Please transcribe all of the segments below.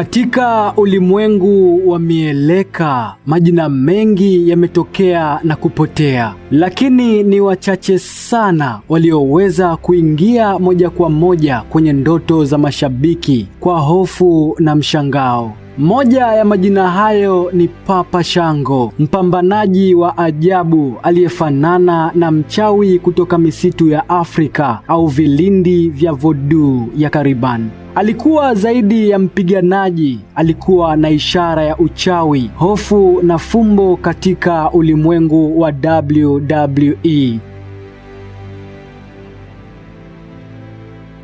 Katika ulimwengu wa mieleka, majina mengi yametokea na kupotea, lakini ni wachache sana walioweza kuingia moja kwa moja kwenye ndoto za mashabiki kwa hofu na mshangao. Moja ya majina hayo ni Papa Shango, mpambanaji wa ajabu aliyefanana na mchawi kutoka misitu ya Afrika au vilindi vya voodoo ya kariban Alikuwa zaidi ya mpiganaji, alikuwa na ishara ya uchawi, hofu na fumbo katika ulimwengu wa WWE.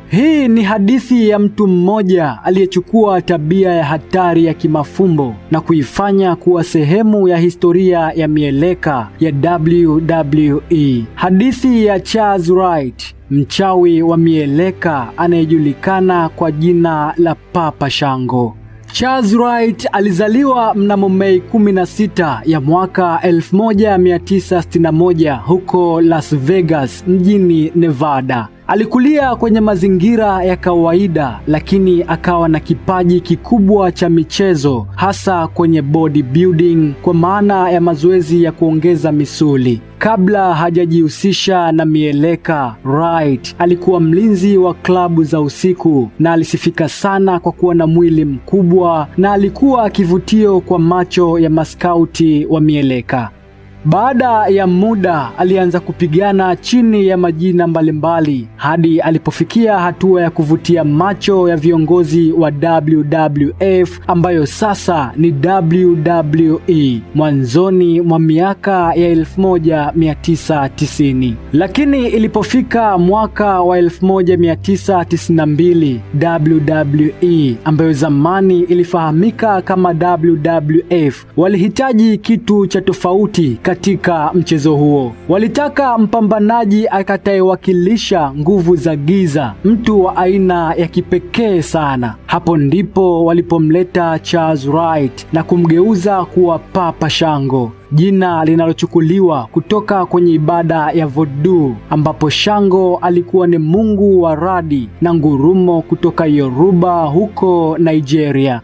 Hii ni hadithi ya mtu mmoja aliyechukua tabia ya hatari ya kimafumbo na kuifanya kuwa sehemu ya historia ya mieleka ya WWE. Hadithi ya Charles Wright, mchawi wa mieleka anayejulikana kwa jina la Papa Shango. Charles Wright alizaliwa mnamo Mei 16 ya mwaka 1961 huko Las Vegas, mjini Nevada. Alikulia kwenye mazingira ya kawaida lakini akawa na kipaji kikubwa cha michezo hasa kwenye bodybuilding kwa maana ya mazoezi ya kuongeza misuli. Kabla hajajihusisha na mieleka, Wright alikuwa mlinzi wa klabu za usiku na alisifika sana kwa kuwa na mwili mkubwa na alikuwa kivutio kwa macho ya maskauti wa mieleka. Baada ya muda alianza kupigana chini ya majina mbalimbali hadi alipofikia hatua ya kuvutia macho ya viongozi wa WWF ambayo sasa ni WWE mwanzoni mwa miaka ya 1990. Lakini ilipofika mwaka wa 1992, WWE ambayo zamani ilifahamika kama WWF walihitaji kitu cha tofauti katika mchezo huo. Walitaka mpambanaji akatayewakilisha nguvu za giza, mtu wa aina ya kipekee sana. Hapo ndipo walipomleta Charles Wright na kumgeuza kuwa Papa Shango, jina linalochukuliwa kutoka kwenye ibada ya Voduu ambapo Shango alikuwa ni mungu wa radi na ngurumo kutoka Yoruba huko Nigeria.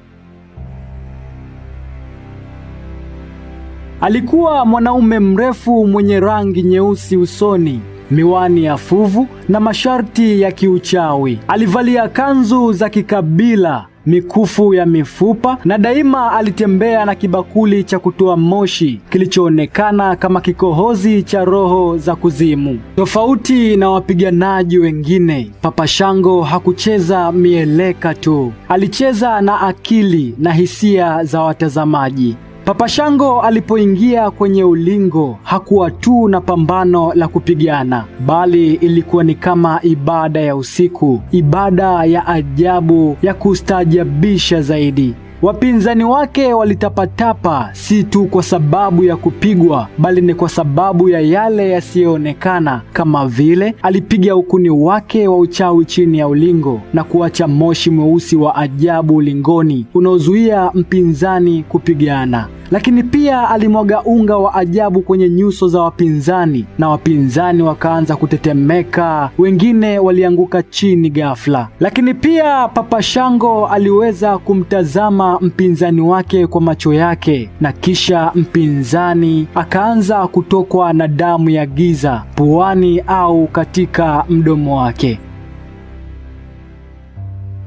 Alikuwa mwanaume mrefu mwenye rangi nyeusi usoni, miwani ya fuvu na masharti ya kiuchawi. Alivalia kanzu za kikabila, mikufu ya mifupa na daima alitembea na kibakuli cha kutoa moshi kilichoonekana kama kikohozi cha roho za kuzimu. Tofauti na wapiganaji wengine, Papa Shango hakucheza mieleka tu, alicheza na akili na hisia za watazamaji. Papa Shango alipoingia kwenye ulingo hakuwa tu na pambano la kupigana, bali ilikuwa ni kama ibada ya usiku, ibada ya ajabu ya kustaajabisha zaidi. Wapinzani wake walitapatapa, si tu kwa sababu ya kupigwa, bali ni kwa sababu ya yale yasiyoonekana, kama vile alipiga ukuni wake wa uchawi chini ya ulingo na kuacha moshi mweusi wa ajabu ulingoni unaozuia mpinzani kupigana. Lakini pia alimwaga unga wa ajabu kwenye nyuso za wapinzani, na wapinzani wakaanza kutetemeka, wengine walianguka chini ghafla. Lakini pia Papa Shango aliweza kumtazama mpinzani wake kwa macho yake, na kisha mpinzani akaanza kutokwa na damu ya giza puani au katika mdomo wake.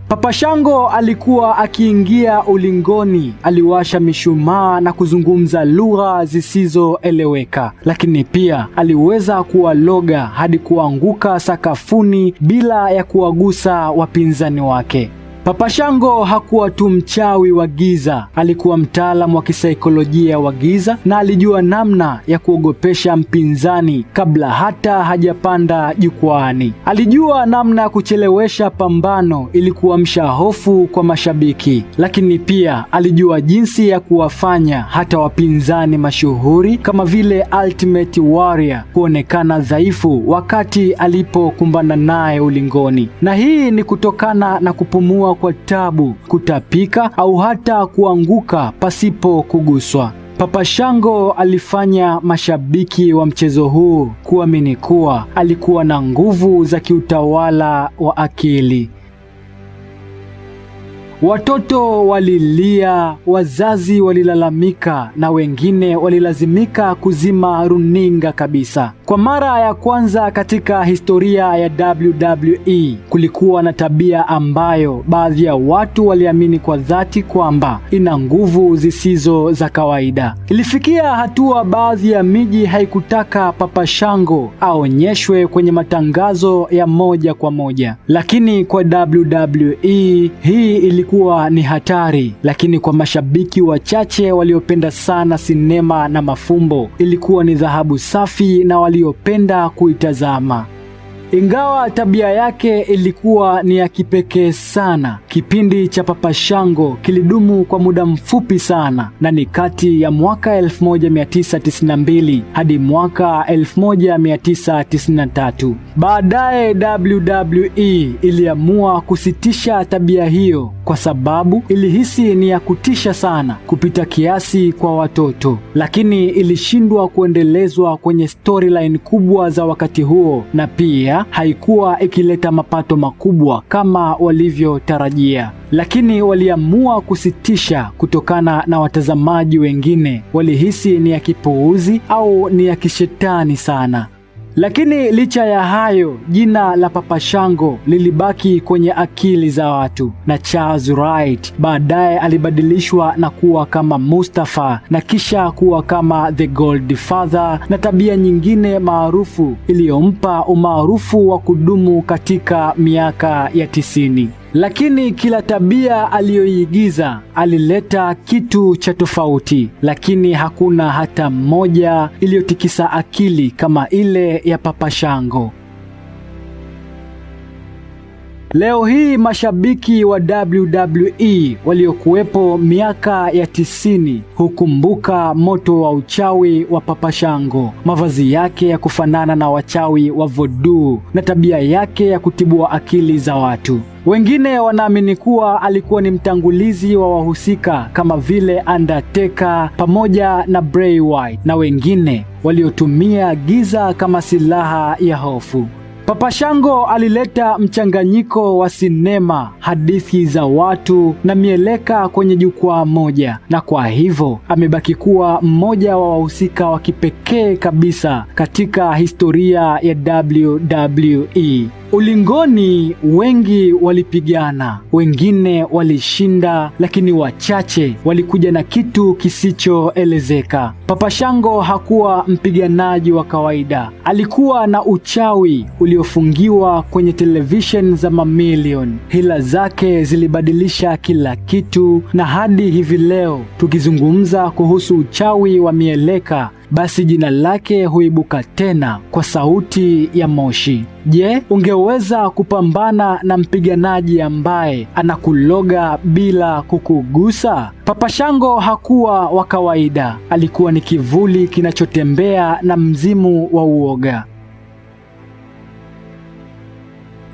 Papa Shango alikuwa akiingia ulingoni, aliwasha mishumaa na kuzungumza lugha zisizoeleweka, lakini pia aliweza kuwaloga hadi kuanguka sakafuni bila ya kuwagusa wapinzani wake. Papa Shango hakuwa tu mchawi wa giza, alikuwa mtaalamu wa kisaikolojia wa giza na alijua namna ya kuogopesha mpinzani kabla hata hajapanda jukwaani. Alijua namna ya kuchelewesha pambano ili kuamsha hofu kwa mashabiki, lakini pia alijua jinsi ya kuwafanya hata wapinzani mashuhuri kama vile Ultimate Warrior kuonekana dhaifu wakati alipokumbana naye ulingoni. Na hii ni kutokana na kupumua kwa tabu, kutapika au hata kuanguka pasipo kuguswa. Papa Shango alifanya mashabiki wa mchezo huu kuamini kuwa alikuwa na nguvu za kiutawala wa akili. Watoto walilia, wazazi walilalamika, na wengine walilazimika kuzima runinga kabisa. Kwa mara ya kwanza katika historia ya WWE, kulikuwa na tabia ambayo baadhi ya watu waliamini kwa dhati kwamba ina nguvu zisizo za kawaida. Ilifikia hatua baadhi ya miji haikutaka Papa Shango aonyeshwe kwenye matangazo ya moja kwa moja, lakini kwa WWE hii ili ilikuwa ni hatari, lakini kwa mashabiki wachache waliopenda sana sinema na mafumbo, ilikuwa ni dhahabu safi na waliopenda kuitazama. Ingawa tabia yake ilikuwa ni ya kipekee sana, kipindi cha Papa Shango kilidumu kwa muda mfupi sana na ni kati ya mwaka 1992 hadi mwaka 1993. Baadaye WWE iliamua kusitisha tabia hiyo kwa sababu ilihisi ni ya kutisha sana kupita kiasi kwa watoto, lakini ilishindwa kuendelezwa kwenye storyline kubwa za wakati huo na pia Ulaya haikuwa ikileta mapato makubwa kama walivyotarajia, lakini waliamua kusitisha kutokana na watazamaji wengine walihisi ni ya kipuuzi au ni ya kishetani sana. Lakini licha ya hayo, jina la Papa Shango lilibaki kwenye akili za watu, na Charles Wright baadaye alibadilishwa na kuwa kama Mustafa na kisha kuwa kama The gold father na tabia nyingine maarufu iliyompa umaarufu wa kudumu katika miaka ya tisini. Lakini kila tabia aliyoiigiza alileta kitu cha tofauti, lakini hakuna hata mmoja iliyotikisa akili kama ile ya Papa Shango. Leo hii mashabiki wa WWE waliokuwepo miaka ya tisini hukumbuka moto wa uchawi wa Papa Shango, mavazi yake ya kufanana na wachawi wa voduu na tabia yake ya kutibua akili za watu. Wengine wanaamini kuwa alikuwa ni mtangulizi wa wahusika kama vile Undertaker pamoja na Bray Wyatt, na wengine waliotumia giza kama silaha ya hofu. Papa Shango alileta mchanganyiko wa sinema, hadithi za watu na mieleka kwenye jukwaa moja, na kwa hivyo amebaki kuwa mmoja wa wahusika wa kipekee kabisa katika historia ya WWE. Ulingoni wengi walipigana, wengine walishinda, lakini wachache walikuja na kitu kisichoelezeka. Papa Shango hakuwa mpiganaji wa kawaida, alikuwa na uchawi uliofungiwa kwenye televisheni za mamilioni. Hila zake zilibadilisha kila kitu, na hadi hivi leo tukizungumza kuhusu uchawi wa mieleka basi jina lake huibuka tena kwa sauti ya moshi. Je, ungeweza kupambana na mpiganaji ambaye anakuloga bila kukugusa? Papa Shango hakuwa wa kawaida, alikuwa ni kivuli kinachotembea na mzimu wa uoga.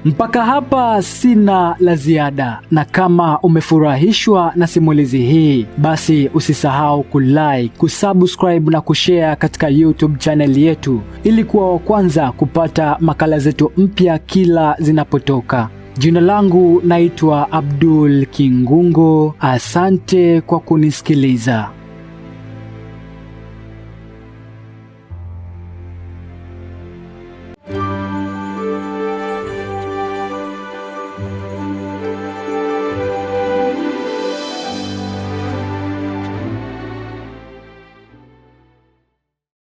Mpaka hapa sina la ziada, na kama umefurahishwa na simulizi hii, basi usisahau kulike, kusubscribe na kushare katika YouTube channel yetu ili kuwa wa kwanza kupata makala zetu mpya kila zinapotoka. Jina langu naitwa Abdul Kingungo. Asante kwa kunisikiliza.